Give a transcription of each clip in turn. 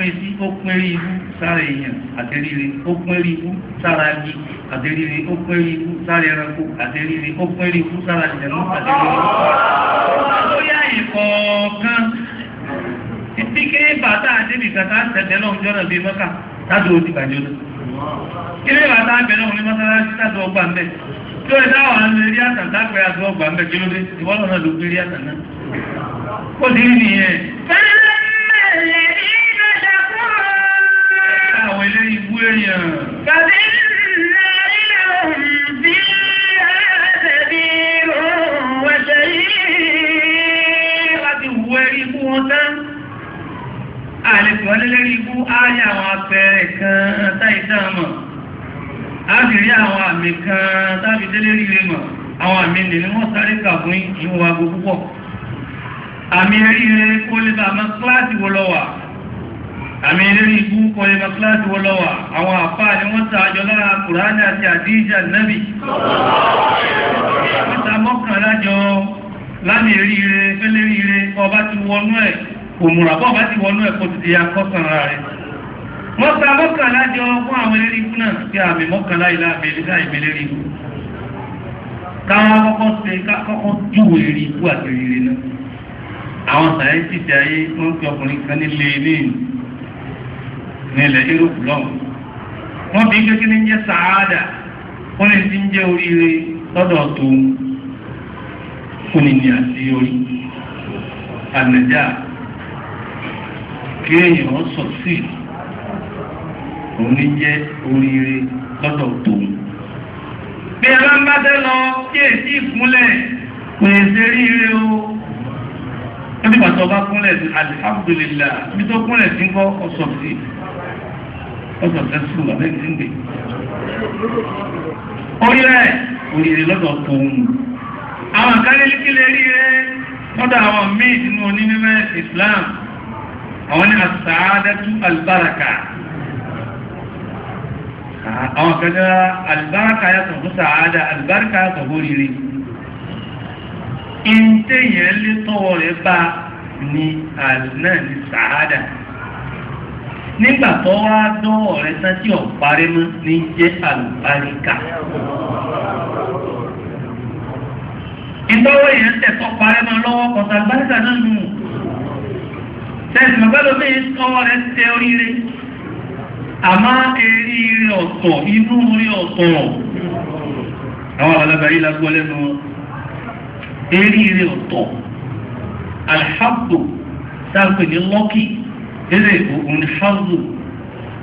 pín sí ó pín rí ibú sára èèyàn àtẹríire ó pín rí ibú sára agi àtẹríire ó pín rí ibú sára ẹranko àtẹríire ó pín rí ibú sára ìjẹ̀mú àtẹríire. lóyá ìkọ̀ọ̀kan títí ké bàtà àdébì kàtà tẹ̀tẹ̀ náà jọ́ náà bíi mọ́kà tájú ó ti bàjẹ́ lọ. kílé bàtà àbẹ̀rẹ̀ òun ní mọ́sálásí tájú ọgbà ń bẹ̀. tó ẹ dáwọ̀ àwọn ilé rí àtàntà pé àtúwọ̀gbà ń bẹ̀ kí ló dé ìwọ́n náà ló gbé rí àtàntà. ó ti rí nìyẹn. èèyàn. Kàbí nínú ìlú bí àtẹ̀bí wẹ̀ṣẹ̀ yìí láti wọ ẹrí ikú wọn tán. Àlefọ́ lélẹ́rí ikú á yà àwọn apẹ̀rẹ̀ kan táyì tán mọ̀. A sì rí àmì kan rẹ̀ kó lè bá kíláàsì wo lọ wà àmì ìrírí ikú kọlẹ̀ mọ́kíláàsì wọ́n lọ́wọ́ àwọn àpá ni wọ́n ta àjọ lára kùránì àti àdíjà nẹ́bì wọ́n ta mọ́kànlájọ láti rí ire fẹ́lẹ́ rí ire ọba ti wọnú ẹ̀ kò múra bọ́ ọba ti wọnú ẹ̀ kò ti di akọ́sànra rẹ̀ wọ́n ta mọ́kànlájọ fún àwọn eléré ikú náà sí àmì mọ́kànlá ilá ìmẹ́lérí ikú nílẹ̀ Europe lọ́wọ́ wọ́n bí kékeré ní jẹ́ sàádà wọ́n lè ti ń jẹ́ oríire lọ́dọ̀ tó ń fúnni ní àti orí ànàjà kí èèyàn sọ sí òun ní jẹ́ oríire lọ́dọ̀ tó ń. bí ẹ bá ń bá dé lọ kí èsì ìkúnlẹ̀ pèsè o wọ́n ti pàtó ọba kúnlẹ̀ sí alihamudulilayi bí tó kúnlẹ̀ sí ń kọ́ ọ̀sọ̀ lọ́dọ̀ tẹ́sùn wà lẹ́yìn síndè. orí rẹ̀ oríire lọ́dọ̀ tòun àwọn akárẹ́lẹ́kẹ́lẹ́ rí rẹ̀ lọ́dọ̀ àwọn míì nínú onímọ̀ Islam àwọn ní asàádẹ́tú albaraka àwọn kẹjọ albaraka yàtọ̀ fún sàádà albaraka yàtọ̀ fún oríire ìntẹ̀yẹ̀ lé tọ́wọ́ rẹ̀ bá ní àlùnáà ní sàádà nígbà tó wá dánwò rẹ sátì ọ̀parí mọ́ ní jẹ́ àlùbáríkà. ìtọ́wọ́ yẹn tẹ̀kọ́ parí mọ́ lọ́wọ́ kọ̀tà àlùbáríkà náà nù. tẹ̀sán bẹ́ẹ̀ lómi tọ́wọ́ rẹ tẹ oríire àmọ́ eré ire ọ̀tọ̀ inú rí ọ̀tọ̀ àwọn alábàáyí lágbọ́ lẹ́nu eré ire ọ̀tọ̀ alhamdu sáà pè ní lọ́kì eré òun ṣọ́ọ̀lù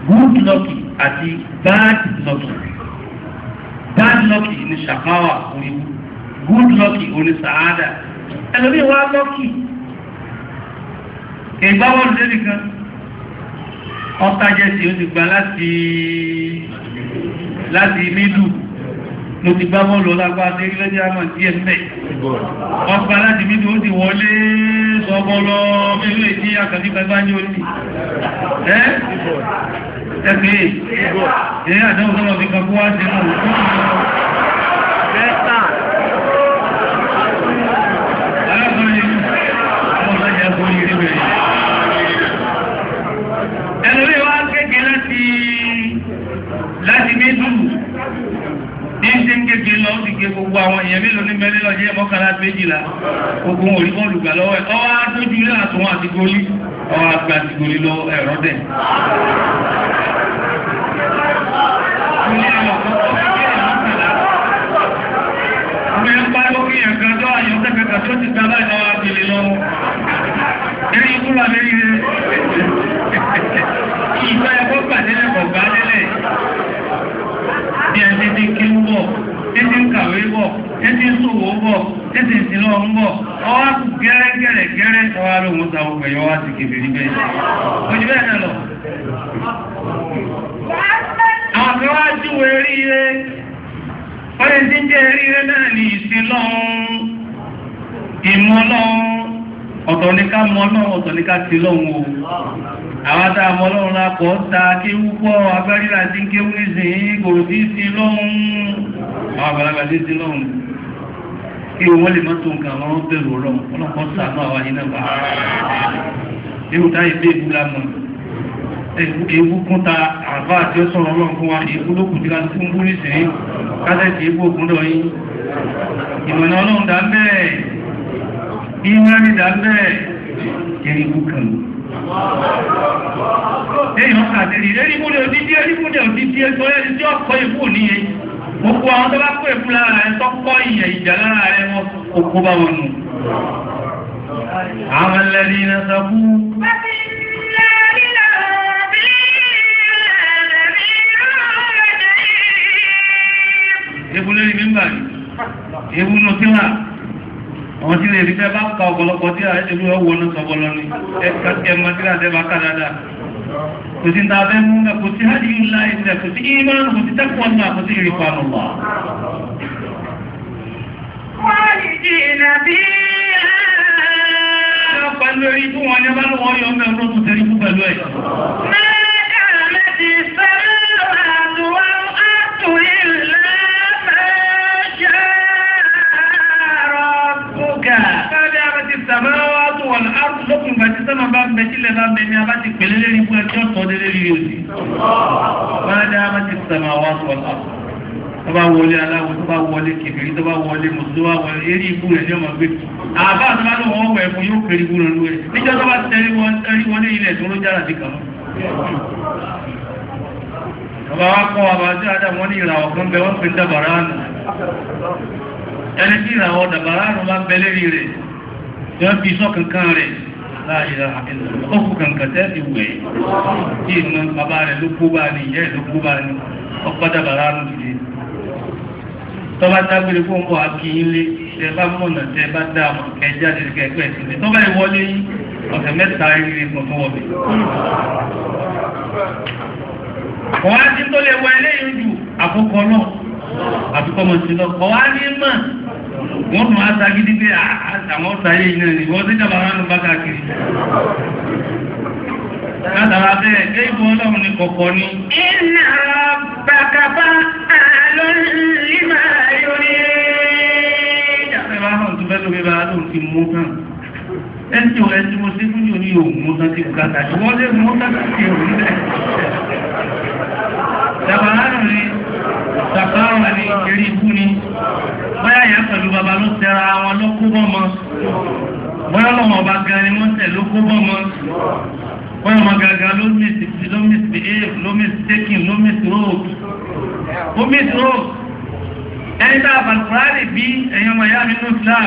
good luck àti bad luck bad luck ni ṣàkáwà orí good luck oní sàádà ẹlòmíì wá lọ́kì ìgbáwọ́lù lórí kan ọ́tájẹ́sì ó ti gba láti láti mídù mo ti gbáwọ́lù ọlágbá adérílẹ́dẹ́ àmọ̀ díẹ̀ mẹ́ ọgbà láti mídù ó ti wọlé sọ ọgbọ́lọ́ mẹ́rin lè àkàtí gbàgbá ní orí ẹ́ ẹgbẹ́ ẹ̀ àdáwọ̀ sọ́rọ̀ mi kan kó wá sí mọ̀ mẹ́ta alákùnrin ọmọ ìlàjà kún yìí rẹ̀ ẹ̀lórí wá kéèké láti láti méjì ní ṣe ń kéke lọ ó ti ké gbogbo àwọn èèyàn mélòó ní mẹ́lẹ́ lọ jẹ́ mọ́kànlá méjìlá gbogbo wọn òrí bọ́ọ̀lù gbà lọ́wọ́ ẹ̀ ọwọ́ adójú ilé àtúnwọ̀n àti goli ọwọ́ àgbà àti goli lọ ẹ̀rọ dẹ̀. ọmọ ẹ̀ ń pariwo kí títí sòwò ń bọ̀ títí ìsìnlọ ń bọ̀ ọwá kù gẹ́rẹ́gẹ́rẹ́ ọwá lóhun sàwọ́ pẹ̀yọ wá sí kèfè rí bẹ́ẹ̀ lọ. àwọn kan wá júwe tí ń tí sí lọ́hun àwọn sí lọ́hun. kí wọ́n lè mọ́tò nǹkan àwọn bẹ̀rù ọlọ́run ọlọ́pọ̀ sàánú àwọn iná bá ewu táyé bí ewu la mọ̀ ewu kún ta àbá àti ọ̀sọ̀rọ̀ ọlọ́run fún wa ewu ló kù díra fún bú nísìnyí kásẹ̀tì ewu ògùn lọ yín ìmọ̀nà ọlọ́run dá bẹ́ẹ̀ ìmọ̀nà dá bẹ́ẹ̀ kẹrin ewu kan lọ. èèyàn kàdé rí lẹ́rìí múlẹ̀ òdídí ẹ̀rí múlẹ̀ òdídí gbogbo àwọn tó bá pè fún lára ẹ̀ tó kọ́ ìyẹ̀ ìjà lára ẹ̀ wọn òkú bá wọn nù. àwọn ẹlẹ́ni iná sọ fún. ewu lórí mímbà ni ewu nù tí wà àwọn tí lè rí fẹ́ bá ka ọ̀pọ̀lọpọ̀ tí a ẹ̀ṣẹ̀ ló wọ́n wọ́n sọ̀bọ̀ lọ ni ẹ̀ka tí ẹ̀ mọ́ tí a tẹ́ bá ká dáadáa. kuti ndabe munga kuti hadi yullahi munga kuti iman kuti takwa Allah kuti irfan Allah walidina biha pẹ̀lú orí fún wọn ní bálú wọn yọ mẹ́rin lókùn tẹ́rí fún pẹ̀lú ẹ̀ mẹ́ta mẹ́ti sẹ́lẹ̀ àtúwọ́ àtúrí lẹ́mẹ́ṣẹ́ rọ̀ bùkà wà ní àrùn lókun ìgbà tí sẹ́mà bá ń bẹ sílẹ̀ bá ń bẹ ní abá ti pèlè lérí fún ẹjọ́ tọ́ délé rí òsì. wọ́n á dá abá ti sẹ́mà wá sọ̀tà. tó bá wọlé aláwọ̀ tó bá wọlé kìfìrí tó bá wọlé mùsùlùmí tó bá wọlé eré ikú rẹ̀ ní ọmọ gbé. àbá tó bá lóun ọwọ́ ẹ̀fọn yóò kéré ikú rẹ̀ lóore. níjọ́ tó bá tẹ̀lé wọlé ilẹ̀ tó ló jára sí kàmú. bàbá wa kọ́ bàbá tí adamu ní ìràwọ̀ kan bẹ wọ́n fi dábàrá nù. ẹni tí ìràwọ̀ dábàrá nù máa ń bẹ lérí rẹ̀ tí wọ́n fi sọ́ kankan rẹ̀ láàrínlá ọkù kankan tẹ́sí wẹ̀ tí ìmọ̀ bàbá rẹ̀ ló kó bá ní ìyẹ́ ló kó bá ní ọpọ́dàbàrá nù dìde tọ́bá dágbére fún ọkọ̀ akíyínlé tẹ bá mọ̀nà tẹ bá dáàmà kẹjá tẹ kẹgbẹ́ ìsinmi tọ́bá ìwọlé yìí ọ̀sẹ̀ mẹ́ta ìrírí pọ̀tún ọ̀bẹ̀ ọ̀wá tí tó lè wọ ní mọ̀ wọ́n máa tagídí pé ah, àwọn ọ̀tàyé iná ni wọ́n tí jàbà ránù bá káàkiri látara bẹ́ẹ̀ gẹ́ ìbò ọlọ́run ní kọ̀kọ́ ní iná bàkàbá ẹ̀sìn ọ̀rẹ́ tí mo sí fún yóò ní òun mú tán ti bùkátà ṣùgbọ́n lè mú tán ti òun lẹ̀. Dàbàrá nù ni bàbá wà ní ìṣeré ikú ni bóyá yẹn pẹ̀lú bàbá ló tẹra wọn ló bọ́mọ bóyá lọ́mọ ọba gan ni wọ́n tẹ̀ ló bọ́mọ bóyá ọmọ gàgà ló miss ló miss behave ló miss taking ló miss ẹni tá a fà kúránì bí ẹ̀yin ọmọ ìyá mi ní Islam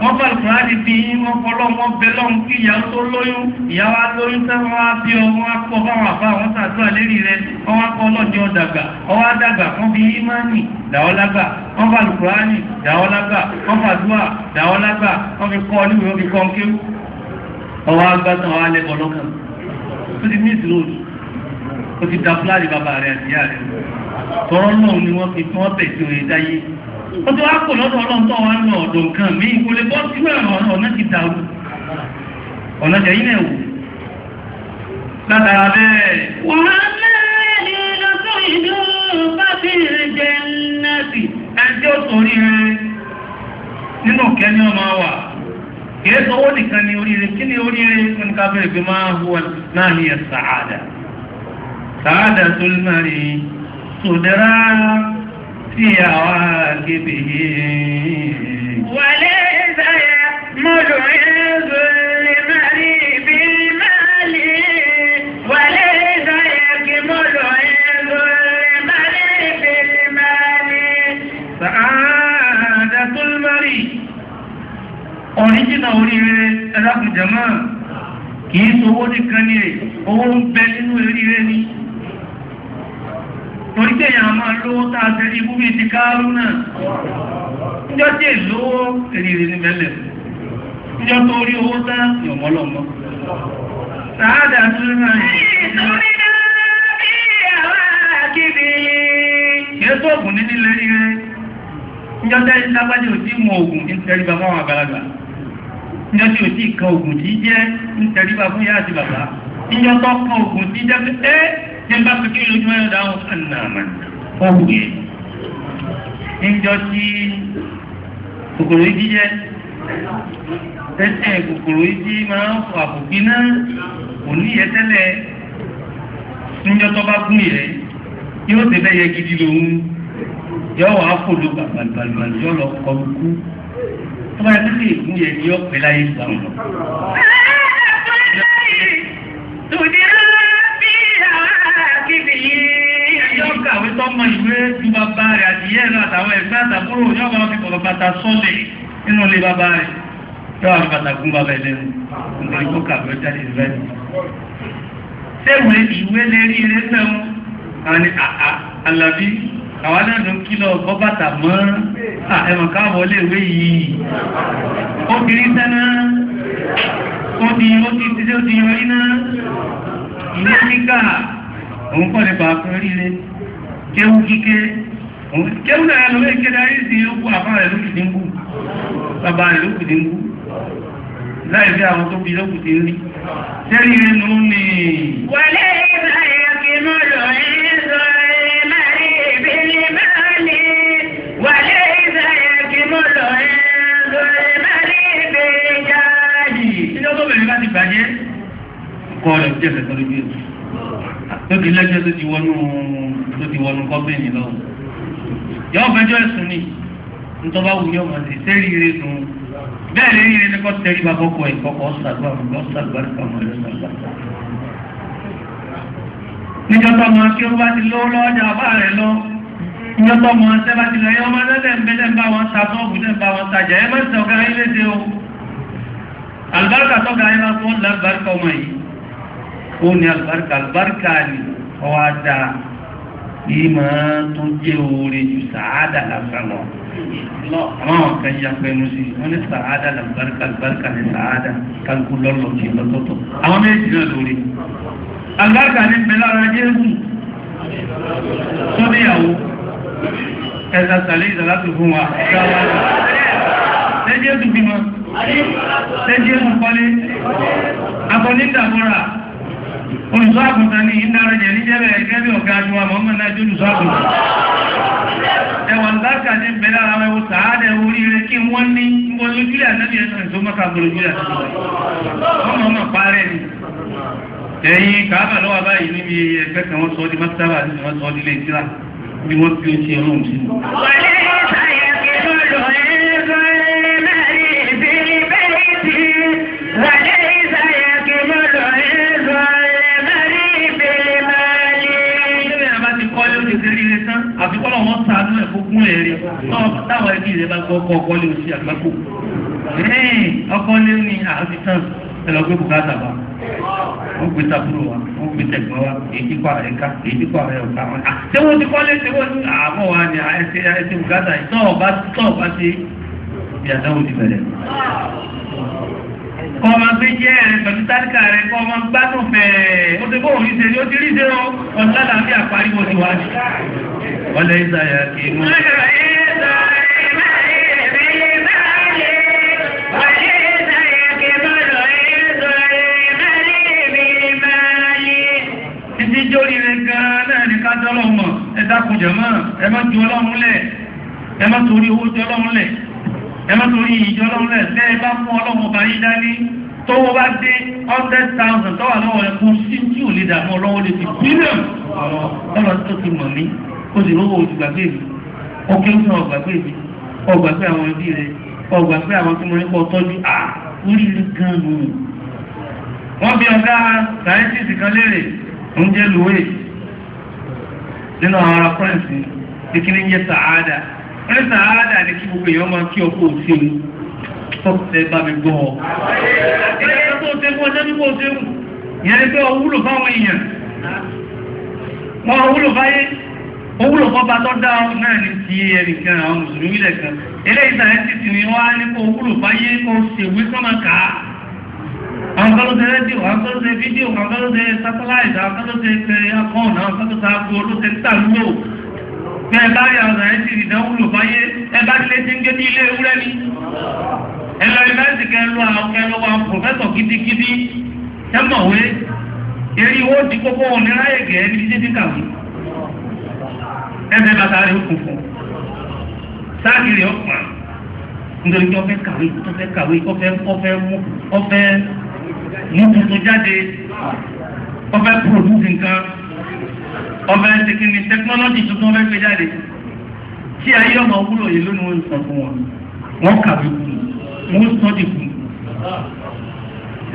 wọ́n fà kúránì bí wọ́n fọlọ́ wọn bẹ lọ́hùn kí ìyàwó tó lóyún ìyàwó alóyún tá wọn á bí ọ wọn á kọ fáwọn àbá wọn sàdúrà lérí rẹ wọn á kọ ọlọ́jọ́ dàgbà ọwọ́ àdàgbà wọn fi ímánì dàwọ́ lágbà wọn fà kúránì dàwọ́ lágbà wọn fà dùà dàwọ́ lágbà wọn fi kọ́ níbi wọn fi kọ́ nkí ọwọ́ agbátán ọwọ́ alẹ́ kọ́ lọ́kàn ó ti mí ìsìlóòdù ó ti da fúláàdì bàbá rẹ̀ àti ìyá rẹ̀ tọrọ ni wọ́n fi tán tẹ̀sí òye dáyé wọ́n ti wá lọ́dọ̀ tó ọ̀dọ̀ nǹkan mi kò lè bọ́ sínú ọ̀nà jẹ́ nínú ọmọ wà kìí nìkan oríire kí ni oríire máa náà ẹ̀ sàádà sàádà tó lè máa rí تدرى في عواقبه وليس يأمل عز لمري بالمال وليس يكمل عز لمري بالمال سعادة المري ọ̀ríjìnà oríire ẹ̀dàkùn jẹ̀mọ́ kìí sọ owó nìkan ní ẹ̀ torí pé èèyàn máa lówó tá a tẹ́lẹ̀ ibú bíi ti káàrú náà níjọ́ tí èlówó èrìrì ní mẹ́lẹ̀ níjọ́ tó rí owó tá yọ̀mọ́lọ́mọ́ sàádà tó náà nítorí náà bí àwọn akíbi yìí tó ògùn ní nílé ríre níjọ́ tẹ́ lágbájá ò tí mọ ògùn ní tẹríba fáwọn àgbàlagbà níjọ́ tí ò tí kan ògùn tí jẹ́ ní fún yá àti bàbá níjọ́ tó kan ògùn tí jẹ́ pé tí ń bá fi kí lójúmọ́ yóò dáhùn sànà àmà fọ́ọ̀hù yẹn níjọ tí kòkòrò yìí jíjẹ tẹ́tẹ́ kòkòrò yìí jí máa ń fọ àbùkí náà kò ní yẹ tẹ́lẹ̀ níjọ tó bá gún yẹ yóò ti bẹ́ gidi lòun yóò wàá fòdò gbàgbàgbà yóò níbi yìí ẹjọ́ kàwé tó mọ ìwé ju bàbá rẹ̀ àdìyẹ náà àtàwọn ẹgbẹ́ àtàkùrò yóò máa fi kọ̀ọ̀kan bàtà sọ́lẹ̀ nínú ilé bàbá rẹ̀ yóò máa fi bàtà gún bàbá ẹlẹ́nu nítorí tó kàwé jáde ìfẹ́ ni. sẹ́wọ̀n òun kọ́ lè bàá fún oríire kéwú kíké kéwú náà lọ lè kéde ayé sí ó kú àbá rẹ̀ lókù ti ń kú bàbá rẹ̀ lókù ti ń láì fi àwọn tó fi lókù ti rí sẹ́rí inú ni. wọlé ìbáyà kí mo lọ ní sọ sọ ìmáyé ìbílẹ̀ jáde. ilé ọgọ́bẹ̀rẹ̀ bá tóbi lẹ́jọ́ tó ti wọnú tó ti wọnú gọ́ọ̀mẹ̀ntì lọ́wọ́ yọ ọ̀fẹ́jọ́ ẹ̀sùn ni ntọ́ba wù ní ọmọ sí sẹ́rí ire nù bẹ́ẹ̀ lè ire ní kọ́ tẹ́rí bá kọ́kọ́ ẹ̀ kọ́kọ́ ọ̀sàdúrà ọ̀sàdúrà kàmọ́ ẹ̀ sàgbà. níjọ́ tó mọ kí ó bá ti lówó lọ́wọ́ jà bá rẹ̀ lọ níjọ́ tó mọ ṣẹ́ bá ti lọ yẹ ọmọ lẹ́lẹ̀ ń bẹ́lẹ̀ ń bá wọn ta bọ́ọ̀bù lẹ́ ń bá wọn tajà ẹ má sọ̀gá ayélujáde o àlùbáríkà sọ̀gá ayélujáde wọn làbáríkà ó ní àlùbáríkà àlùbáríkà ni ọwọ́ ada ìmọ̀ tó jẹ́ oore ju sàádà lásán lọ. àwọn kan ya pẹ̀lú sí i wọ́n ní sàádà àlùbáríkà àlùbáríkà ní sàádà kálukú lọ́lọ́ sí i lọ́tọ̀ọ̀tọ̀. àwọn méjì náà lórí. àlùbáríkà ní bẹ́ẹ̀ lára jésù sọ́díyàwó ẹ̀sà sàlẹ̀ ìsàlátù fún wa. ṣé jésù bímọ? ṣé jésù kọ́lé? àbọ̀ ní olùsọ àgùntàn ní ìdára jẹ ní jẹ́bẹ̀ ẹgbẹ́ bí ọ̀gá ju àmọ́ mọ́ náà jójú sọ àgùntàn. ẹwọ̀n lákà ní bẹ̀rẹ̀ ara ẹwọ sàádẹ̀ oríire kí wọ́n ní wọ́n lójúlẹ̀ àtàbí ẹ̀sán ìṣó mọ́ta gbòlójúlẹ̀ àtàbí ọmọ ọmọ parẹ́ ni. ẹ̀yin kàábà lọ́wọ́ báyìí níbi ẹgbẹ́ kan wọ́n sọ ọ́ di mọ́tàbà àti wọ́n sọ ọ́ di lẹ́tìrà bí wọ́n fi ó ṣe ọlọ́run sí. wọ́n sàánú ẹ̀ fún fún èrè táwọn ẹbí rẹ̀ bá gbọ́ ọkọ̀ ọkọ̀ lé oṣù àgbákò ọkọ̀ lé ní àbí tán ẹlọ gbé bùkátà wa wọ́n gbé sàbúrò wa wọ́n gbé tẹ̀gbọ́n wa èyí kọ́ àrẹ ká èyí kọ́ àrẹ ọ̀ká wọn. ṣé wọ́n ti kọ́lé ṣé wọ́n ti àbọ̀ wa ni ẹsẹ̀ ẹsẹ̀ bùkátà yìí tọ́ọ̀ bá tọ́ọ̀ bá ṣe bí àdáwò ti bẹ̀rẹ̀ kọ́ máa gbé jẹ́ rẹ̀ pẹ̀lú tálíkà rẹ̀ kọ́ máa gbádùn fẹ̀ẹ́ ti bóun ní ṣe ni ó ti rí ṣe o ọ̀sán làbí àparí mo ti wá وليس يكيم Ìjọ́rí rẹ̀ gan-an náà ní ká dọ́lọ́ mọ̀, ẹ dákun jàmáà, ẹ má ju ọlọ́run lẹ̀, ẹ torí owó ọlọ́run lẹ̀, ẹ torí ìjọ ọlọ́run lẹ̀, lẹ́ ẹ bá ọlọ́run ọba yí dání, tówó bá dé hundred thousand tọ́wà lọ́wọ́ ẹ̀kún sí tí ò lè dààmú ọlọ́wọ́ lè fi ọlọ́run tó ti mọ̀ mí ó sì lówó oṣù gbàgbé mi ó kí ń sọ ọgbàgbé mi ọgbàgbé àwọn ẹbí rẹ ọgbàgbé àwọn tí mo ní kọ́ tọ́jú à oríire gan nù. wọ́n bí ọ̀gá sáyẹ́ntìsì kan léèrè ń jẹ́ lùwé nínú àwọn ará fúrẹ́ǹsì ìkíní jẹ́ sàádà wọ́n ní sàádà ní kí gbogbo èèyàn máa kí ọkọ̀ òṣèlú tọ́pẹ́ bá mi gbọ́ ọ. ìdájọ́ tó ṣe fún ọjọ́ nípa òṣèlú ìyẹn ni pé ọwúlò owó ọba tó dá ọ náà ní ti ẹnìkan àwọn mùsùlùmí lẹ́kan eléyìí sàn ti tì ní wá ní kó wúlò báyé kó ṣèwé sọ́mà ká àwọn kan ló ṣe rédíò àwọn kan ló ṣe fídíò àwọn kan ló ṣe sátáláìtì àwọn kan ló ṣe pé akọ́ọ̀nù àwọn kan ló ṣe aago ló ṣe títà lúlò bẹ́ẹ̀ bá rí àwọn sàn ti ìdán wúlò báyé ẹ bá tilẹ̀ ti ń gé ní ilé ewúrẹ́ ni ẹ lọ ìmẹ́sì kẹ lu àwọn kẹ ẹ̀fẹ̀ bàtà rẹ̀ ó funfun sáàkì rẹ̀ ó pa nítorí pé ọfẹ́ kàwé ọfẹ́ kàwé ọfẹ́ ọfẹ́ mú ọfẹ́ mú tuntun jáde ọfẹ́ pòdúsì nǹkan ọfẹ́ tẹkínní tẹkinọ́lọ́jì tuntun ọfẹ́ gbé jáde tí ayé ọmọ wúlò yìí lónìí wọn sọ fún wọn wọn kàwé kù wọn sọ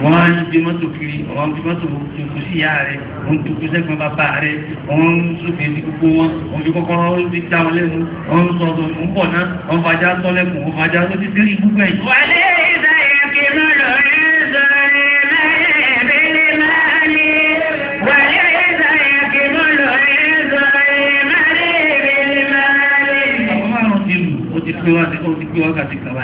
wọ́n á ń gbé mọ́tò kiri wọ́n gbé mọ́tò tuntun sí ìyá rẹ̀ wọ́n tuntun sẹ́gbọ́n bàbá rẹ̀ wọ́n ń sófin sí gbogbo wọn wọ́n fi kọ́kọ́rọ́ ti dá wọn lẹ́nu wọ́n ń sọ̀rọ̀ ń bọ̀ náà wọ́n fàjà sọ́lẹ̀kùn wọ́n fàjà sọ́títírì gbogbo ẹ̀ pé wá sí kó ti pé wákàtí kàwá.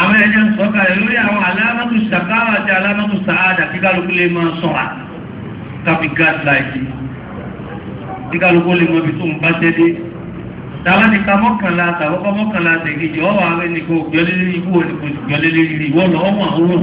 àwọn ẹ̀jẹ̀ ń sọ́kà lórí àwọn alámọ́tò ṣàkáwà àti alámọ́tò sàádà kí kálukú lè máa sọ̀ra tàbí gáàsìláìtì kí kálukú lè mọ ibi tó ń bá tẹ́dé. tàwa ni ká mọ́kànlá tàwọ́kọ́ mọ́kànlá tẹ̀gẹ́jì ọ̀wọ́ ààrẹ nìkan ògbẹ́lélẹ́rí ìwọ̀ ògbẹ́lélẹ́rí ìwọ̀ lọ́wọ́ àwọn òun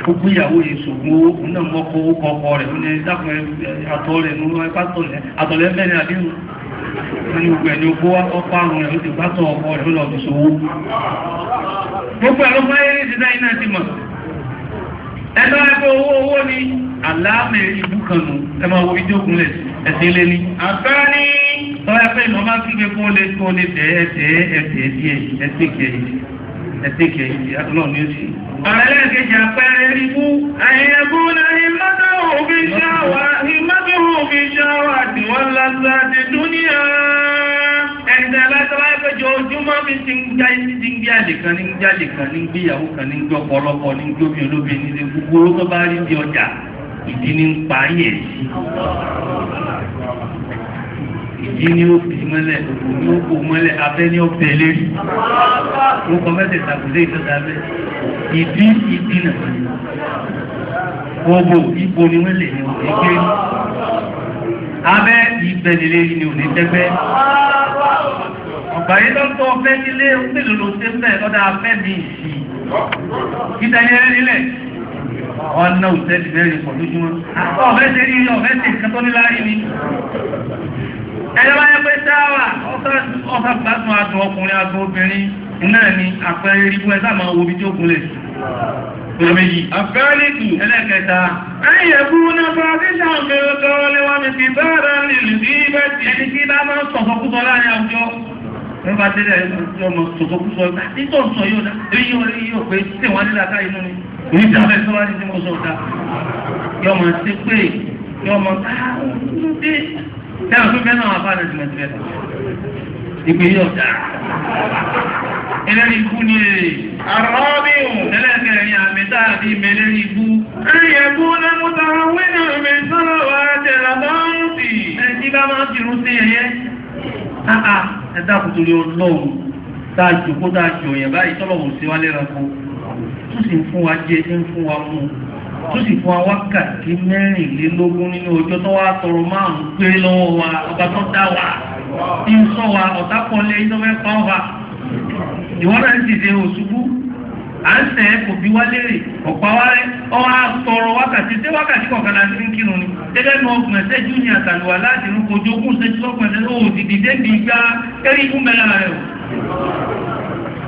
gbogbo ìyàwó ìṣògùn owó òun náà mọ́kọ owó kọkọ rẹ̀ ó ní dákùn àtọ̀ rẹ̀ ní àtọ̀lẹ́ mẹ́rin àdínú wọ́n ní gbogbo ẹ̀ni ogó ọparun rẹ̀ ó ti gbátọ̀ ọkọ rẹ̀ ó lọ fi ṣòwò gbogbo ẹ̀rọ fáyé ní ti ni aláàmì ìbú kanu ẹ máa wo ìjókòólẹ̀ ẹ̀sìn lé ní. àbẹ́ni tọ́ ẹgbẹ́ ìmọ̀ máa kígbe fún olè tó lè tẹ̀ ẹ̀ ẹ̀tẹ́kẹ̀ náà ní sí. Ọ̀rẹ́lẹ́kejì àpẹẹrẹ ibú, àyẹ̀bú láyé mọ́tòrò òfin ṣáwà, ìmọ́tòrò òfin ṣáwà tí wọ́n lásà ti dúníà. Ẹ̀dẹ̀ aláṣọ́lá ẹgbẹ́jọ ojúmọ́ mi ti ń já ní ti ń gbé àlè kan, ní ń já àlè kan, ní ń gbé ìyàwó kan, ní ń gbé ọ̀pọ̀lọpọ̀, ní ń gbé omi olóbìnrin, ní gbogbo oró tó bá rí bí ọjà, ìdí ní ń pa ayé ẹ̀ sí ìdí ni ó fi mọ́lẹ̀ òkú ni ó kó mọ́lẹ̀ abẹ́ ni ó bẹ̀ lérí ó kọ mẹ́tẹ̀ tàbílẹ̀ ìtọ́ta abẹ́ ìdí ìdí nà gbogbo ipò ni wọ́n lè ní òkè gbé abẹ́ ìbẹ̀lẹ̀ lérí ni ò ní tẹ́gbẹ́ ọ̀gbà yìí ọ̀fẹ́ nílé ó pèlò ló ṣe fẹ́ lọ́dà afẹ́ mi ìsì ìdáyẹrẹ nílẹ̀ ọ̀nà òṣèlú mẹ́rin pọ̀ lójúmọ́. ọ̀fẹ́ ṣe rí ọ̀fẹ́ ṣe nǹkan tó nílá rí mi. ẹ̀yọ́ wáyé pé sáwà ọ̀fẹ́ gbásùn adùn ọkùnrin adùn obìnrin náà ni àpẹẹrẹ irú ẹ̀ sáà máa wo ibi tí ó gúnlẹ̀ sí. Ìrọ̀mẹ́yì. Àfẹ́rẹ́lẹ́tù. Ẹlẹ́kẹta. Ẹyẹ bú náà fún Adéṣà òmìnirọ́gọ́ lẹ́wà mi fi bára nílùú sí ìbẹ̀tì. Ẹni tí bá máa ń sọ̀sọ̀kúsọ láàrin àwùjọ. Ẹ bá délẹ̀ ọmọ sọ̀sọ̀kúsọ. Títọ̀ sọ yóò dá. Èyí yóò pé tí wọ́n nílá ká inú ni èyí tí a fẹ́ sọ́wọ́ ní tí mo sọ ta yọ ma ṣe pé yọ ma ká ló dé dáhùn tó fẹ́ràn àwọn afáàdé tí mo ti fẹ́ sọ. ìpè yóò dá ẹlẹ́rìí ikú ni èrè e. àrọ́bíhùn ẹlẹ́kẹ̀rin àmì táàbí mẹlẹ́rìí ikú. ẹ̀yẹ kú ní mo ta wínà mi sọ́rọ̀ wá tẹ̀lá báńkì. ẹ ti bá máa fi rún sí ẹyẹ. ẹ dákun torí ọlọ́run tá a jòkó tá a jòyìn báyìí tọ́lọ̀ wò sí wálé rẹ̀ fún un tó sì fún wa jẹ tí ń fún wa mú tó sì fún wa wákàtí mẹ́rìnlélógún nínú ọjọ́ tó wá tọrọ márùn-ún pé lọ́wọ́ wa ọba tó dá wa tí ń sọ wa ọ̀tá pọ̀lẹ́ iná fẹ́ pa wa ìwọ́n náà ń dìde òṣùbú à ń sẹ́ kò bí wá léèrè ọ̀pá wá rẹ̀ ọwọ́ àtọrọ wákàtí tí wákàtí kọ̀ọ̀kan la ti ń kírun ni tẹ́lẹ̀ nu ọgbọ̀n ṣẹ́jú ni àtàlùwà láti rúkọ ojú ogún ṣẹ́jú ọgbọ̀n ṣẹ́jú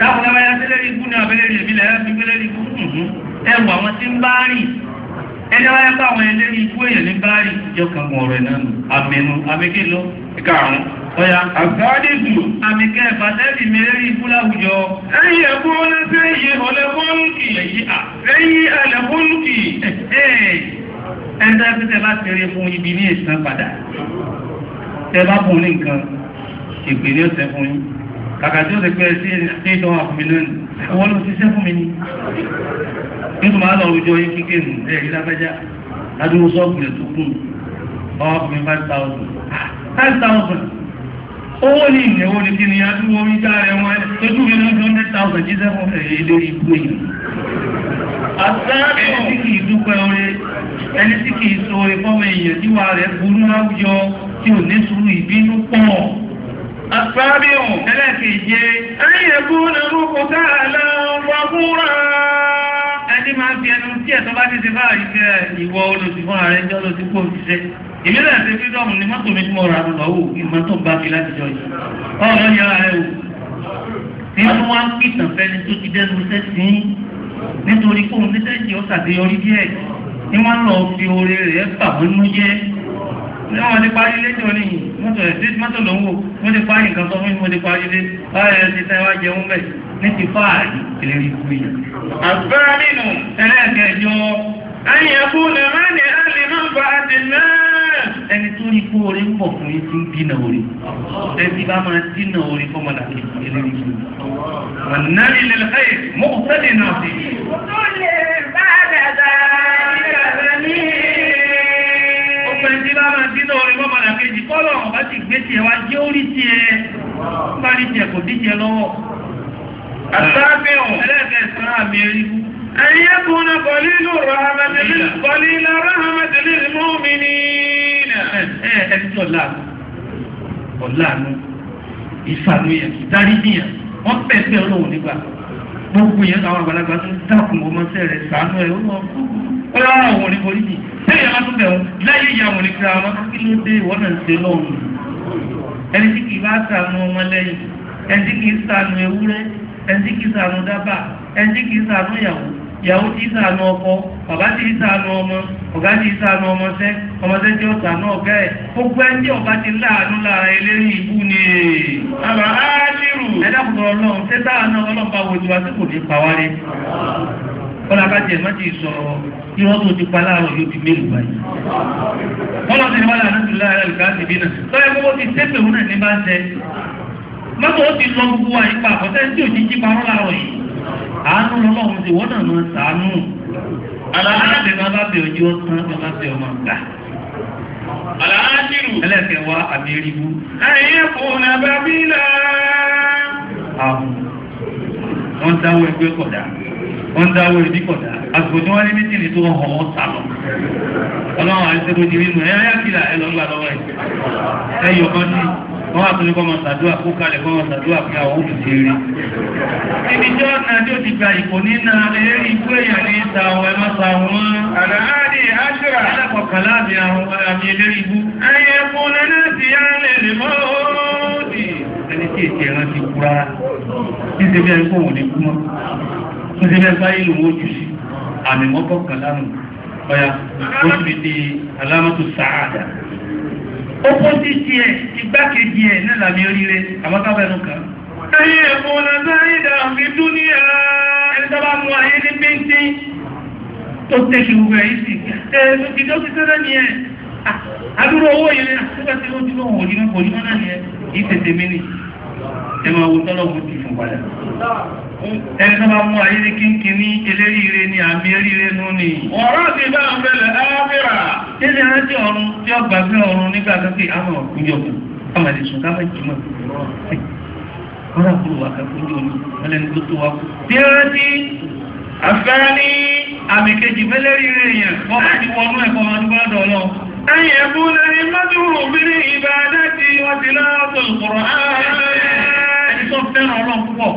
dákúndé wáyé sẹlẹ̀rì ibú ni àbẹ̀lẹ̀rì èmi lẹ́yìn fi gbẹ́lẹ̀rì ibú tuntun mhm. ẹ wọ àwọn tí ń bá rìn ẹni wáyé bá àwọn ẹlẹ́rì ibú èèyàn ní bá rìn jọ kankan ọ̀rọ̀ náà nù àbẹ̀nu àbẹ̀kẹ́lọ ìkarùn ọ̀yà àgbáàdìsù àmìkẹ́ ìfàtẹ́lì mẹ́rẹ́rì ibú láwùjọ. ẹ̀yìn ẹ̀kú ní sẹ́yìn ọ̀lẹ́fọ́nùkì lẹ́yìn ẹ̀lẹ́fọ́nùkì ẹ̀ẹ́dá tí tẹ bá tẹ̀lé fún ibi ní ìsàn padà tẹ bá fún ní nǹkan ìpèlè ọ̀sẹ̀ fún yín kàkà tí ó ti pẹ́ sí ẹjọ́ àfúnmi lónìí wọ́n ló ti sẹ́ fún mi ní nítorí máa lọ òjò yín kíkẹ́ nù ẹ̀ ìlàfẹ́já ládùúgbò sọ́ọ̀kù lè tó kùn ọwọ́ fún mi five thousand ah, owó ní ìnáwó ní kí ni adúgbò orí já rẹ̀ wọ́n ojú mi ní hundred thousand jíṣẹ́ fún ẹ̀yẹ lórí ikú èyí àtàrà ẹni tí kìí dúpẹ́ orí ẹni tí kìí so ìfọ́mọ èèyàn Àgbábíhùn ẹlẹ́kẹ̀ẹ́jẹ, ẹ̀yẹ̀kú ní rúkú tààlà wà fúnra. Ẹni máa fi ẹnu tí ẹ̀tọ́ bá ti ti bá ìfẹ́ ìwọ olùsìnfún ààrẹ jọ́ lọ sí pò ìṣẹ́. Ìmílẹ̀ ṣe fídọ́mù ni mọ́tò mi tí mo ra lọ́wọ́ ìmọ̀ tó bá fi láti jọ yìí. Ọ̀rọ̀ yà rẹ̀ wò. Ìyá tó wá ń pìtàn fẹ́ni náà wọ́n ti parí lé jọ níyìn mọ́tò ẹ̀sí mọ́tò ló ń wò wọ́n ti parí nǹkan sọ fún mi mo ti parí lé báyọ̀ ti tẹ́ wá jẹun bẹ̀ ní ti fáàrí ìlérí fún yìí. àgbára nínú ẹlẹ́ẹ̀kẹ́jọ ẹ̀yìn ẹ̀kú lè má ní ẹ̀lì má ba àti náà. ẹni tó ní kó orí ń bọ̀ fún yín ti ń dínà orí ẹni bá máa dínà orí fọmọdà kejì ìlérí fún yìí. wọ́n náà ní lè lọ́kẹ́ mọ́kùtẹ́lẹ̀ gbogbo ẹni tí bá máa dínà orin mọ́mọ́lá kejì kọ́lọ̀ ọ̀bá ti gbé tiẹ̀ wá jẹ́ orí tiẹ̀ bá rí tiẹ̀ kò díjẹ lọ́wọ́. àtàbíọ̀ ẹlẹ́ẹ̀kẹsàn-án àmì ẹ̀rí fún. ẹ̀yẹ́ kún náà kọ́lí ló rọ kọ́lí lára hàmẹ́tẹ̀lì mú mi ní. ẹ ẹ ti ọ̀la ọ̀làánú ìfàlú yẹn gbogbo yẹn àwọn àgbàlagbà tó dákun ọmọ sẹ́rẹ̀ sànú ẹ̀ ó lọ fún ó yọ àwọn òní foríjì lẹ́yìn àwọn tún bẹ̀ ọ́ láyé ìyá àwọn oníkira wọn kí ló dé ìwọ náà ń ṣe lọ́wọ́ ẹni tí kìí bá sànù ọmọ lẹ́yìn ẹni tí kìí sànù ewúrẹ́ ẹni tí kìí sànù dábà ẹni tí kìí sànù ìyàwó ìyàwó tí sànù ọkọ bàbá tí sànù ọmọ ọ̀gá tí sànù ọmọṣẹ́ ọmọṣẹ́ tí ó sànù ọ̀gá ẹ̀ gbogbo ẹni tí ọba ti láàánú lára eléyìí ibú ni àbá áàlìrù kọ́lá bá tiẹ̀ má ti sọ̀rọ̀ kí wọ́n tó ti pa láàárọ̀ yóò ti mélòó báyìí. wọ́n lọ sí ni wọ́n lọ sí láàárọ̀ àlùkáàtì bí náà lọ́yẹ̀ gbogbo ti sépè òun náà ní bá ń tẹ. mọ́tò ó ti lọ gbogbo wa ipa àkọ́tẹ́ tí ò ti jí parọ́ láàárọ̀ yìí. àánú lọ́lọ́run ti wọ́n náà máa sàánú. aláàbẹ̀ máa bá bẹ̀ ojú ọ̀sán máa bá bẹ̀ ọmọ àgbà. aláàjìrù ẹlẹ́kẹ̀ wá àmì eribu. ẹ̀yẹ́ wọ́n dáwọ́ ibi kọ̀dá àsìkò tí wọ́n ní mítìlì tó hàn wọ́n sá lọ. ọlọ́run àti ṣẹ́gun ti rí nù ẹ̀yà kìlà ẹ̀ lọ́gbà lọ́wọ́ ẹ̀. ẹ yọ kan sí wọ́n wá tóní kọ́ máa ṣàdúrà kó kalẹ̀ kọ́ máa ṣàdúrà pé àwọn òkú ti rí. ibi tí wọ́n náà yóò ti gba ìkò nínú eré ikú èèyàn ní ìta àwọn ẹ̀mọ́ sa wọn. àdáhàdì àṣírà. alákọ̀ọ́kàlá àmì àwọn àmì eléré ibú. ẹyẹ fún lẹ́nà sí alẹ́ lè mọ́ òòdì. ẹni tí èsì ẹ̀rọ ti kú rárá. ní ti bí ẹni kò wọ́n ní kú mọ́ tó ti fẹ́ sáyé lòun ó jù sí àmì mọ́kànlá nù ọ̀yà ó ti di alámọ́tò sàáàdà opposite ẹ̀ igbákejì ẹ̀ náà làmì oríire àmọ́tábẹ́nu kan. ẹyẹ ẹ̀fọn aláìdá àmì dúníà ẹni tó bá mú ayé ní péńté tó tẹ̀sí gbogbo ẹ̀yìn sí ẹ̀ ló ti tó ti tẹ́lẹ̀ ní ẹ̀ àdúró owó yẹn nígbà tí ó ti lóun òjì náà ní ẹ̀ kì í ẹ máa wo tọ́lọ́gùn ti fún padà. ẹni tó bá mú ayé ní ní eléríire ní àmì eríire nù ni. ọ̀rọ̀ ti bá ń bẹ̀rẹ̀ ábẹ́rà. tẹ́lẹ̀ rántí ọ̀run tí ó gbàgbé ọ̀run nígbà tó pé àwọn ọ̀kúnjọ̀kú àwọn àdìsùn ká máa jìmọ̀. ọ̀rọ̀ àkúrò wà kẹ́kọ̀ọ́ ní ọlẹ́ni ní àmì kejì mẹ́lẹ́ríire wọ́n ti wọnú ẹ̀kọ́ wọn ní tó fẹ́ràn ọlọ́run púpọ̀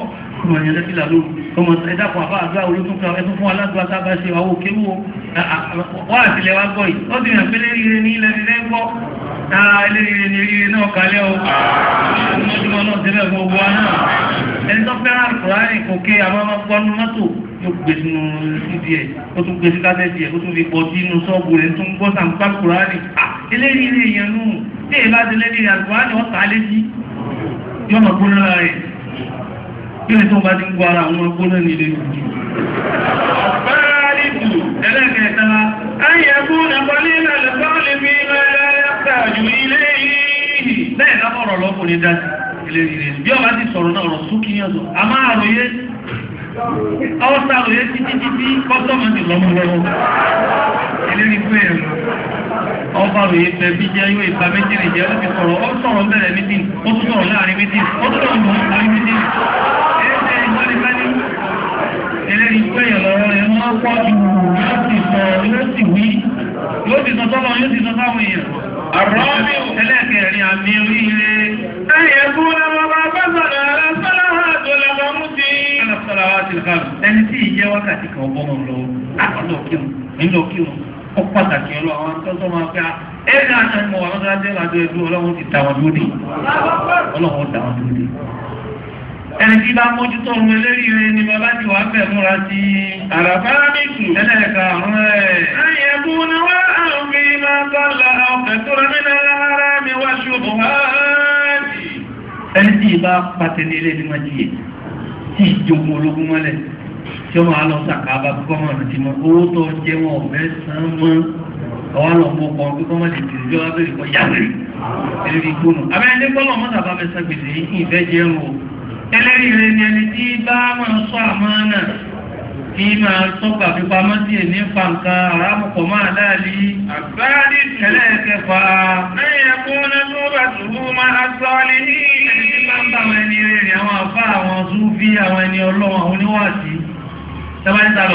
ọmọ yẹn lẹ́kìlá ló ọmọ ẹ̀dá kan àbá àgbà orí tó kan ẹtún fún aládùn àtàbà ṣe àwọn òkèwò wá àtìlẹ̀ wa gbọ́ yìí ó ti hàn pé léríire ní ilẹ̀ ilẹ̀ gbọ́ ara léríire ní ríire náà kalẹ̀ o ọmọdúnmọ́ náà débẹ̀ gbogbo wa náà ẹni tó fẹ́ràn àkùrárì kò ké àwọn ọmọ gbọ́nú mọ́tò yóò gbé sínú ibi ẹ̀ ó tún gbé sí kásẹ̀tì ẹ̀ yọ́mọ̀ gbóná rẹ̀ bílẹ̀ tó bá ti ń gbọ́ ara àwọn gbóná nílé ẹlẹ́kẹta ayẹ̀kún àpọ̀lẹ́ ìlàlẹ́kọ́lẹ́ bí mẹ́lẹ́yàtàjù ilé yìí bẹ́ẹ̀ lábọ̀rọ̀ lọ́kùnrin dá ilé ìrìn bí ọba ti sọ̀rọ̀ náà rọ̀ sókí ní ọ̀sọ̀ a máa ròyé ọwọ́sá lóye títí títí kọ́sọ́mù ti lọ́mú lọ́wọ́ ìlérí fún ẹ̀rọ ọba lóye fẹ́ bí yóò ìgbà méjì rè jẹ́ ó ti ó sọ̀rọ̀ bẹ̀rẹ̀ méjì ó tún sọ̀rọ̀ láàrin méjì ó tún sọ̀rọ̀ lòún parí méjì ẹ̀ẹ́dẹ̀ ìgbàlẹ́gbẹ́ni ìlérí fún ẹ̀rọ ẹ̀ wọ́n pọ̀ ju yóò ti sọ yóò ti wí yóò ti sọ sọ́lọ́ yóò ti sọ sáwọn èèyàn àrọ́ọ̀mì ẹlẹ́kẹ̀ẹ́rin àmì oríire ẹ̀yẹ fún ẹ̀rọ bá bá sọ̀rọ̀ sọlá wa ti ká ẹni tí ìjẹ wákàtí kan bọ́ mọ́ lọ àkọlọ kírun nílò kírun ó pàtàkì ọlọ àwọn tọ́sọ́ máa fẹ́ ẹ̀rọ àtàwọn ọmọ àwọn tó ń dé wájú ẹdú ọlọ́run ti tàwọn dúró dé ọlọ́run tàwọn dúró dé ẹni tí bá mójútó ohun eléyìí ni bàbá ti wà bẹ̀ múra ti àràbá ẹlẹ́ẹ̀ka àrùn ẹ̀. ẹni tí ì bá pàtẹ́lẹ́ ilé ni wọ́n jí tí ìjogún ológun mọ́lẹ̀ tí ó máa lọ sàkábà kó máa rántí mọ́ owó tó jẹ́ wọn ò fẹ́ mọ́ ọwọ́ lọ mú pọn pé kọ́ máa lè tìrì lọ́wọ́ bẹ́ẹ̀ kọ́ yá rẹ̀ ẹlẹ́rìí ìmọ̀ tọ́kà fipamọ́ sí èní fa nǹkan àrámọ̀kọ̀ máa láàlí. àbárí tù. ẹlẹ́ẹ̀kẹfà. lẹ́yìn ẹ̀kọ́ ní sọ́ọ̀bà tùbú máa sọ́ọ̀lì ní. ẹni bá ń bá àwọn ẹni rere àwọn àfá àwọn súfí ẹni ọlọ́wọ́ máa ń bá sọ̀rẹ́. àwọn ènìyàn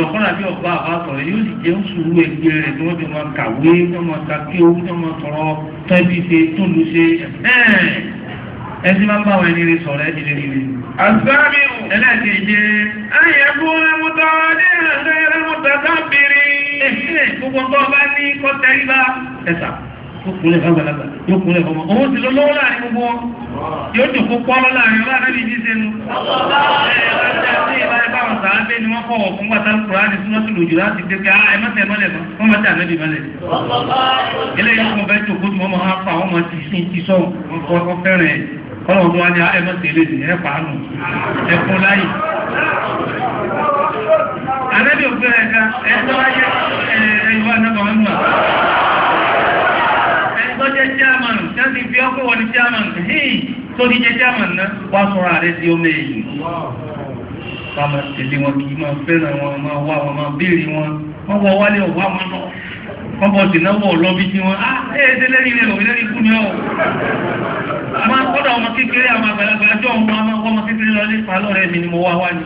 lọ kọ́ra bí ọ̀pá àfá yóò sì jẹ́ sùúrù ẹgbẹ́ rẹ̀ tí wọ́n ti máa kàwé tí máa ta owó tí máa sọ̀rọ̀ tẹ́bí ṣe tó lu ṣe ẹ̀ẹ́ ẹni máa ń bá wọn ẹnire sọ̀rọ̀ ẹni lè rire. àṣàmì ò. ẹlẹ́ẹ̀kejì. ayẹ̀kú ẹmútọ́ ní ẹ̀ṣẹ́ ẹmútọ́ sábìrì. gbogbo ọgbọ́n bá ní kọ́tẹ́ ibà. ẹ̀sà yóò kúnlẹ̀ fún àgbàlagbà yóò kúnlẹ̀ fún ọmọ. òun ti lọ lọ́wọ́ láàrin gbogbo wọn. yóò dùn kó pọ́ lọ láàrin ọlá rẹ̀ bíi ṣe nu. ọlọ́ọ̀ọ́ ẹ̀rọ ẹ̀ṣẹ́ àti ìbá ọlọ́run tó wá ní ẹmọ́ sí ilé ìsìn ẹ̀pà ánù ẹkùn láyì àrẹ́bí òfin ẹ̀ka ẹ̀tọ́ ayé ẹ̀yọ́ anábà wọn nùà ẹ̀tọ́ jẹ́ chairman tẹ́sí fi ọkọ̀ wọn ni chairman hìí tó ní jẹ́ chairman náà wá sọ́ra rẹ̀ sí ọmọ èyí wọ́n máa tẹ̀lé wọn kì í máa fẹ́ràn wọn máa wá wọn máa béèrè wọn wọ́n wọ wálé ọ̀wá wọn náà wọ́n bọ̀ sí náwó ọlọ́bí tí wọ́n á ah, ṣe lẹ́yìn ilé òbí lẹ́yìn kú ni ọ́ máa kọ́dà ọmọ kékeré àwọn àgbàlagbà jọ ń wọ́n máa ọmọ kékeré lọ nípa lọ́rẹ́ mi ni mo wá wá ní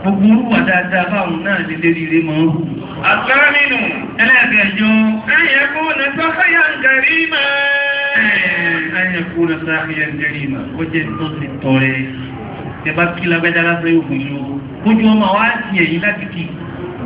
gbogbo orúwà dáadáa báwọn náà lè lérí ilé máa ń hù. àgbára nínú ẹlẹ́gbẹ̀jọ ẹ̀yẹ̀kú na sáfẹ́yà ń gàrí máa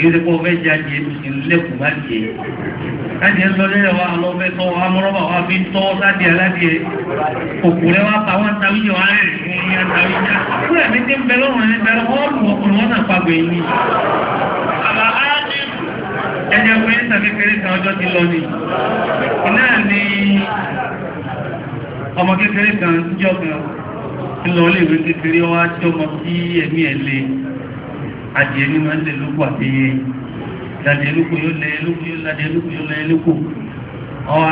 kìí kó fẹ́ jáde ìlẹ́kùn má tiẹ̀. láti ẹ̀ sọ lẹ́yìn wa lọ fẹ́ tọ́ wa mọ́rọ́bà wa fi tọ́ láti ẹ̀ láti ẹ̀ kòkò rẹ̀ wa pa wọn tàbí yọ̀ ayẹ̀ fún yẹn tàbí yá. kúrẹ̀ mi ti ń bẹ lọ́rùn ẹ̀ bẹ̀rẹ̀ wọ́n lù ọkùnrin wọn náà pàgbẹ́ yìí. àbá á ẹ̀jẹ̀ pé ń tàbí kéré kan ọjọ́ ti lọ ni. náà ni ọmọ kékeré kan ń jọ kan ń lọ ilé ìwé kékeré wa jọmọ sí ẹ̀mí ẹ̀ lé. adìẹ ní máa ń lè lóko àti ìdàdìẹ lóko yóò lẹ lóko yóò lẹ lóko yóò lẹ lóko ọwọ́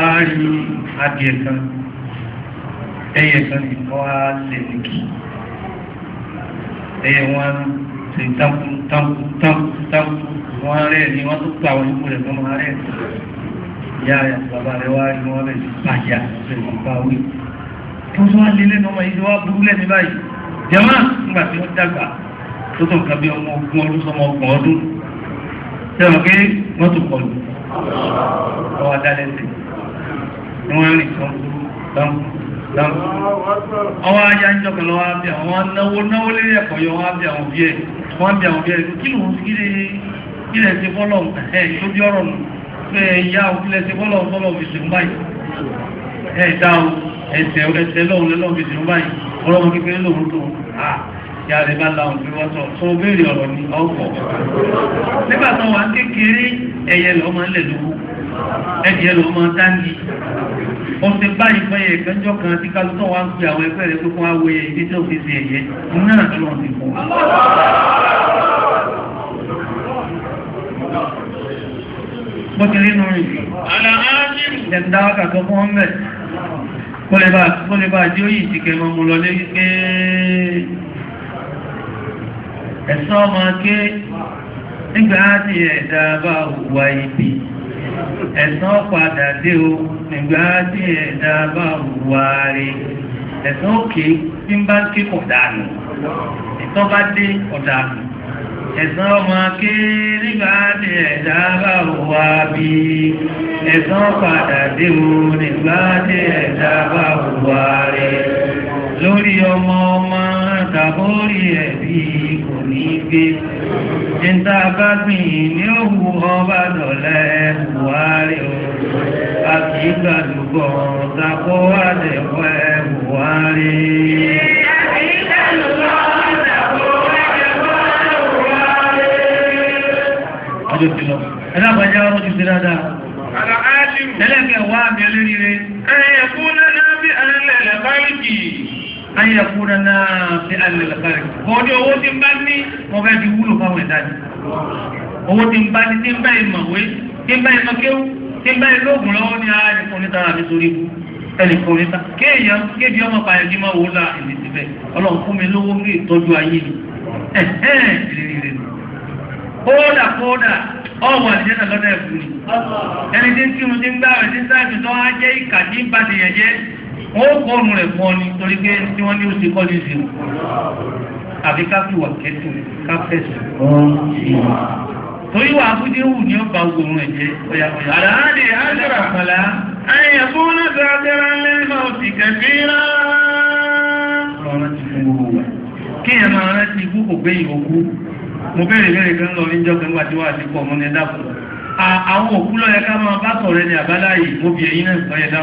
á rí kan ẹyẹ kan ti kọ́ á lè nìkì ẹyẹ wọn ṣe tánkù tánkù tánkù tánkù wọn rẹ ni wọn tó pa àwọn fún wọn rẹ bàbá rẹ wá n'i wọn bẹ bá wí tó ọmọ yìí tó báyìí nígbà tí wọ́n dàgbà. tó tó nǹkan bí ọmọ ogun ọdún sọmọ ọgbọ̀n ọdún tẹ́wọ̀n pé wọ́n tó kọlù ọwọ́ adálẹ́sẹ̀ ni wọ́n rìn kan dáhùn dáhùn. ọwọ́ ayá ń jọkọ̀ lọ́wọ́ abẹ́ àwọn náwó náwó lé ẹ̀kọ́ yọ wọ́n abẹ́ àwọn bí ẹ̀ wọ́n bí àwọn bí ẹ̀ kí ló ń kí lẹ̀ ṣe fọ́lọ̀ ẹ̀ tó bí ọ̀rọ̀ nù pé ẹ̀yà kí lẹ̀ ṣe fọ́lọ̀ fọ́lọ̀ fi ṣe ń báyìí ẹ̀ dá ẹsẹ̀ ẹsẹ̀ lọ́wọ́ lọ́wọ́ fi ṣe ń báyìí ọlọ́mọ kékeré lòun tó ya rẹ̀ bá la òfin wọ́tọ̀ tó béèrè ọ̀rọ̀ ní ọ̀pọ̀. nígbà tó wà kékeré ẹyẹ lọ́ máa ń lẹ̀ lówó ẹ̀jẹ̀ lọ́ máa ń dání. ọ̀sẹ̀ báyìí fẹ́ yẹ kẹjọ kan tí kálukọ́ wa ń pe àwọn ẹgbẹ́ rẹ̀ pé kó wá wé ibi tó fi ṣe ẹ̀yẹ náà tó lọ́n ti fún. bó ti rí nùrìn. àlàáfíà. ìjẹ̀dá kàkọ́ fún ọmọ ẹ̀ kó lè bá àti kó lè bá àti ó yìí ti kẹ́ mọ́ mo lọ lé wípé ẹ̀sán ọmọ ké nígbà tí ẹ̀dá bá wà ibi ẹ̀sán padà dé o nígbà tí ẹ̀dá bá wà rí ẹ̀sán òkè tí ń bá ń ké kọ̀dà nù ìtọ́ bá dé kọ̀dà nù ẹ̀sán ọmọ ké nígbà tí ẹ̀dá bá wà bí ẹ̀sán padà dé o nígbà tí ẹ̀dá bá wà rí lórí ọmọ ọmọ tàbórí ẹ̀bí kò ní gbé níta bá gbìn ní òwú ọba dọ̀lẹ́ buhari o a kì í gbàdúgbò tako àdẹ̀kọ́ ẹ̀ buhari. a kì í gbàdúgbò tako ti ṣe dáadáa. ẹlẹ́gbẹ̀ẹ́ wá mi olóríire. ẹ̀yẹ̀kú náà náà bí alẹ́ lẹ́lẹ́ báyìí ayé kúrò náà fi alẹ́lẹ́kárì. Wọ́n ní owó tí ń bá ní wọ́n fẹ́ fi wúlò fáwọn ẹ̀dá ni. Owó tí ń bá ní tí ń bá ìmọ̀ wé, tí ń bá ìmọ̀ kéwú, tí ń bá ìlóògùn lọ́wọ́ ní ara ẹnìkan níta àbí torí ikú. Ẹnìkan níta. Kéèyàn kébi ọmọ pààyàn ní máa wò ó la èmi ti bẹ̀. Ọlọ́run fún mi lówó ní ìtọ́jú ayé ni. Kódà kódà ọ̀wọ̀ àti jẹ́nà lọ́dọ̀ ẹ̀fún ni. Ẹni tí ń kírun ń gbá rẹ̀ ń sáàjù wọ́n kọ́ ọrùn rẹ̀ fún ọ ní torí pé tí wọ́n ní ó ṣe kọ́lé sí àbí káfíwà kẹ́tù káfẹ́sù torí wà fúdé wù ní ọba ogun ẹ̀jẹ̀ ọ̀yàwọ̀yà. àdáhàdì ájọ́ra pàlá ayẹyẹ fún láti àjẹ́ra lẹ́nà òsì kẹfìrá. ọ̀rọ̀ ti fún gbogbo wa kí ẹ̀ máa rántí ikú kò gbé ìwòkú mo bẹ̀rẹ̀ bẹ̀rẹ̀ wà sí pọ̀ mọ́ ní ẹ̀dá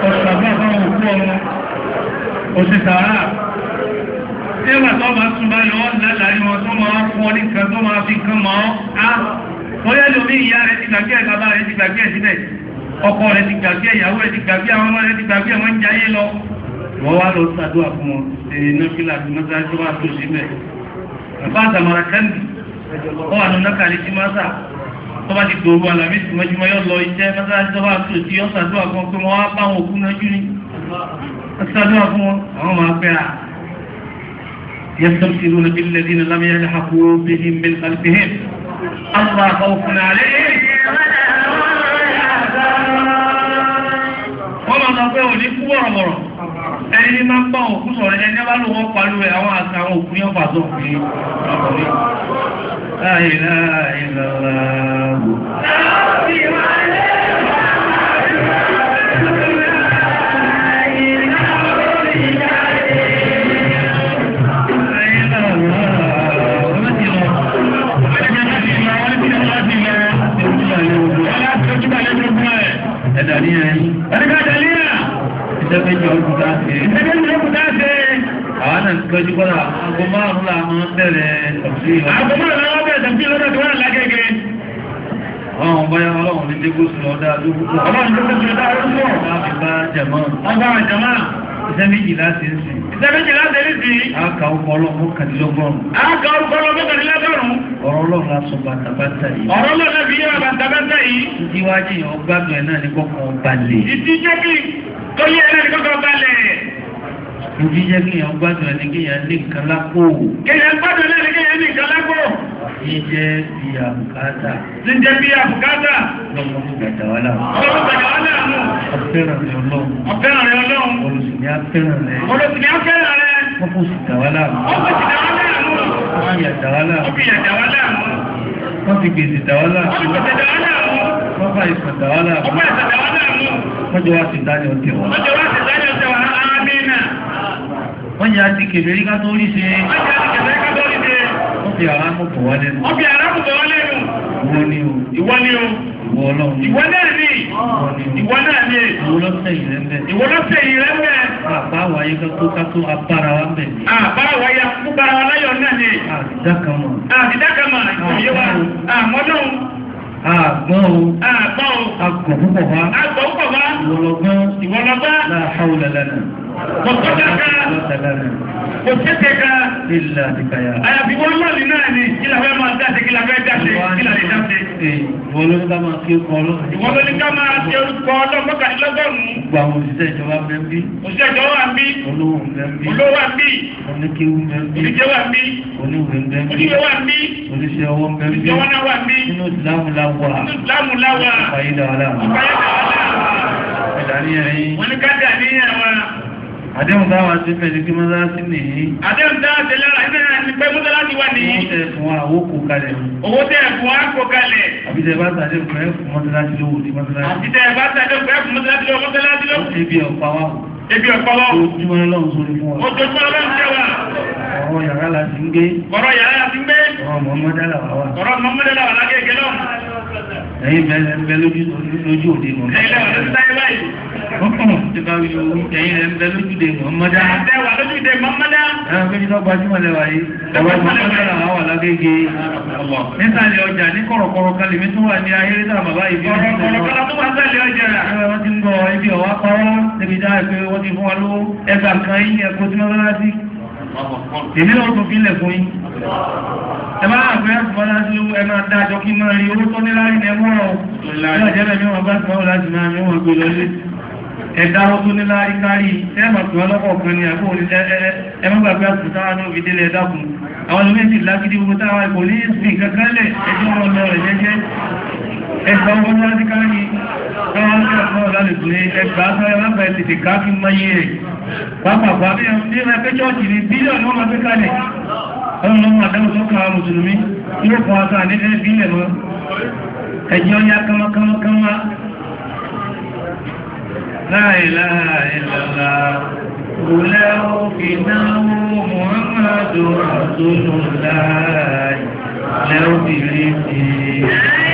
ọ̀ṣàgbọ́n òkú ọmọ òṣìṣàrà nígbà tó bá tún báyìí wọ́n lálàrí wọn tó máa fún ọ ní nǹkan tó máa fi kan mọ́ á bóyá lómi ìyá rẹ̀ ti gbàgbé ẹ̀ bàbá rẹ̀ ti gbàgbé ẹ̀ síbẹ̀ ọkọ rẹ̀ ti gbàgbé ìyàwó rẹ̀ ti gbàgbé àwọn ọmọ rẹ̀ ti gbàgbé wọ́n ń jayé lọ wọ́n wá lọ sàdúrà fún wọn èyí náà fílà tó mọ́sára tó wà tó síbẹ̀ ẹ̀fà àtàmàrà kẹ́ndì wọ́n tọ́ba ti dòru alamisi mọ́júmọ́ yọ lọ iṣẹ́ mọ́sálásí tọ́ba tó ti yọ sàdúrà fún ọ pé wọ́n á òkú náà jú ni sàdúrà fún wọn àwọn máa pẹ́ à. يستبشرون بالذين لم يلحقوا بهم من خلفهم الله خوف عليهم ولا هم يحزنون وما نطيعوا لكم ورمرهم ẹni ní máa ń òkú sọ̀rọ̀ ẹni ẹni ló wọ́n parí rẹ̀ àwọn àti àwọn òkú yẹn fà sọ ọkùnrin láìláìlọ́lá Ẹ̀dà ní ẹ̀yìn. Ẹ̀dà ní ẹ̀yìn ìṣẹ́ méjì ọdún tá a ṣe. ẹgbẹ́ mi lókun tá a ṣe. àwa náà ti lọ́jú kọ́lá aago márùn-ún la máa ń bẹ̀rẹ̀ tọ̀sí ìlà. aago márùn-ún la máa ń bẹ̀rẹ̀ tọ̀sí ìlà lọ́dọ̀ tó wà lágẹ́gẹ́. ọlọ́run bá yá ọlọ́run ní dégó sí ọ̀dà àdúgbò. ọlọ́run ní dégó sí ọ̀dà àdúgbò. ìṣẹ́ méjì láti ń sìn. ìṣẹ́ méjì láti ń sìn. a kà ọkọ̀ ọlọ́run mọ́kàndínlọ́gọ́rùn-ún. a kà ọkọ̀ ọlọ́run mọ́kàndínlọ́gọ́rùn-ún ọ̀rọ̀ ọlọ́run lásọ bàtàbàtà yìí. ọ̀rọ̀ ọlọ́run lábí yẹ́ bàtàbàtà yìí. ìdíwájú yẹn náà ní kọ́kọ́ balẹ̀. ìdíjẹ́ bíi tó yẹ ẹni kọ́kọ́ balẹ̀. Ibi jẹ́ kí èèyàn gbádùn ẹni kí èèyàn ní nǹkan lápò. Kí èèyàn gbádùn ẹni kí èèyàn ní nǹkan lápò. Ní jẹ́ bí àbùkátà. Ní jẹ́ bí àbùkátà. Lọ́mọ tó gbàjà wá láàmú. Lọ́mọ gbàjà wá láàmú. Ọ̀fẹ́ràn rẹ̀ ọlọ́run. Ọ̀fẹ́ràn rẹ̀ ọlọ́run. Olùsìnì afẹ́ràn rẹ̀. Olùsìnì afẹ́ràn rẹ̀. Ọkùn sì dà wá láàmú. Ọkùn sì dà wá láàmú. Ọkùn yà dà wá láàmú. Ọkùn yà dà wá láàmú. Wọ́n ti gbèsè dà wá láàmú. Wọ́n ti gbèsè dà wá láàmú. Wọ́n fà ìsàn mọ́jọ wá sí ìdáni ọ̀tẹ̀ wọn. mọ́jọ wá sí ìdáni ọ̀tẹ̀ wọn amínà. wọ́n yà á ti kèbèrè ká tó rí ṣe. wọ́n yà á ti kèbèrè ká tó rí ṣe. wọ́n fi àrá mú bọ̀ wá lẹ́nu. wọ́n fi àrá mú bọ̀ wá lẹ́nu. ìwọ ni o. ìwọ ni o. ìwọ ọlọ́run ni. ìwọ náà ni. ìwọ náà ni. ìwọ lọ́sẹ̀ yìí rẹ̀ ń bẹ̀. o lọ́sẹ̀ yìí rẹ̀ ń bẹ̀. àbá wáyé kátó kátó abára wa ń bẹ̀. àbá wáyé akúbára wa láyọ̀ náà ni. àdìdákàmọ̀. àdìdákàmọ̀ ìwọ àgbọ̀n o. àgbọ̀n o. àgbọ̀n púpọ̀ wá. àgbọ̀n púpọ̀ wá. ìwọlọgbọ́n. ìwọlọgbọ́n. láàárọ̀ lẹ́lẹ́nu. Àyàfi wọ́n lọ́lì náà ni kílà fẹ́ máa dáṣe kílà fẹ́ dáṣe kílà lè dáṣe. Ìwọ́n ló ní ká máa kí orúkọ ọlọ́run. Ìwọ́n ló ní ká máa kí orúkọ ọlọ́run mọ́kànlélọ́gọ́rùn-ún. Gbogbo àwọn òṣìṣẹ́ ìjọba bẹ́ ń bí. Òṣìṣẹ́ ìjọba wà ń bí. Olówó ń bẹ́ ń bí. Olówó wà ń bí. Oníkéwú ń bẹ́ ń bí. Oníjẹ́ wà ń bí. Oníwèé ń bẹ́ ń bí. Oníwèé wà ń bí. Oníṣẹ́ ọwọ́ ń bẹ́ ń bí. Oníṣẹ́ ọwọ́ wà ń bí. Inú ìsìlámù láwà. Inú ìsìlámù láwà. Ìfàyídà ọ̀la. Ìfàyídà ọ̀la. Ìdàníyàn yín. Wọ́n ní ká dàníyàn wa àdéhùn táwọn ti fẹ́ ní kí mọ́sálásí nìyí. àdéhùn táwọn ti lára ẹgbẹ́ náà ti pẹ́ mọ́sálásí wà nìyí. owó tẹ̀ fún àwòkù kalẹ̀. owó tẹ̀ fún àkó kalẹ̀. àbí tẹ̀ bá tàdé fún ẹ̀ fún mọ́sálásí Ibi ọ̀pọ̀lọ́. Ojúmọ́ ọlọ́run sórí fún wa. Ojoojúmọ́ ọlọ́run jẹ́ wa. Ọ̀rọ̀ yàrá la ti ń gbé. Ọ̀rọ̀ yàrá la ti ń gbé. Ọ̀rọ̀ mọ́mọ́dé là wà wá. Ọ̀rọ̀ mọ́mọ́dé là wà lágẹ̀ẹ́gẹ́ náà. Ẹ̀yin bẹ̀rẹ̀ bẹ lójú òde mọ̀. Ẹ̀yin lẹ́wọ̀n ló ti táyé báyìí. Ti bá wíwo ẹ̀yin rẹ̀ ń bẹ lójúde mọ̀mọ́dá. Ẹ wà lójúde mọ̀mọ́dá. Ẹ wà méjì náà gbajúmọ̀ lẹ́wà yìí. Ẹ̀wà mọ̀mọ́dá là wà wà lágége. Nísàlẹ̀ ọjà ní kọ̀rọ̀kọ̀rọ̀ kalẹ̀ mi tó wà ní ti fún wa lówó ẹgbà kan yín ẹ̀kọ́ tí wọ́n bá láti èmi náà tún fílẹ̀ fún yín ẹ bá àgbẹ̀ ẹ̀kọ́ láti lówó ẹ máa dájọ́ kí máa rí owó tó ní lárí ní ẹwọ́n rọ̀ ní àjẹ́bẹ̀ mi wọn bá ti wọ́n láti máa mi wọn gbé lọlé ẹ̀dá owó tó ní lárí kárí ẹ máa pè wọ́n lọ́kọ̀ kan ní àbó ẹ má gbàgbé àkùtà wọn ní òbí délé ẹ̀dá kun àwọn olómìnir ẹgbà ọmọ láti káyí ẹwọ́n ní ọ̀pọ̀ lálẹ́kù ní ẹgbà ti fi rẹ̀ pápápá ní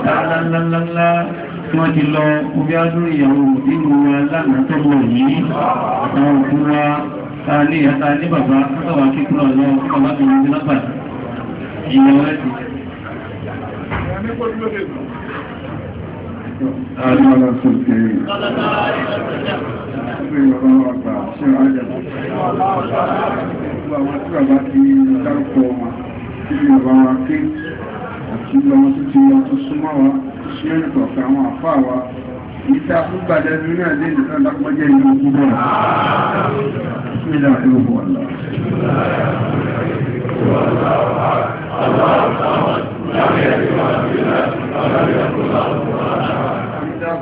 ọ̀tá ńláńláńlá tí wọ́n ti lọ orí adúrú ìyàwó nínú wa lánàá tó mọ̀ yìí àwọn òkú wa ta ní ẹ̀ta ní bàbá látọ̀wà kíkúrọ̀ lọ bàbá tó ní lápà ìyàwó ẹ̀sì. Àdúrà gbogbo àwọn tó ti wọn tó súnmọ́ wa sí ẹ̀rùkọ̀ fún àwọn àfáà wa ìta fún gbàdẹ́bí náà lè nìkan lápọ́jẹ́ ìlú gbogbo ìlà ìlú wọ̀lá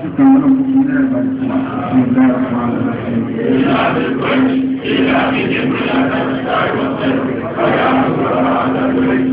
Thank you.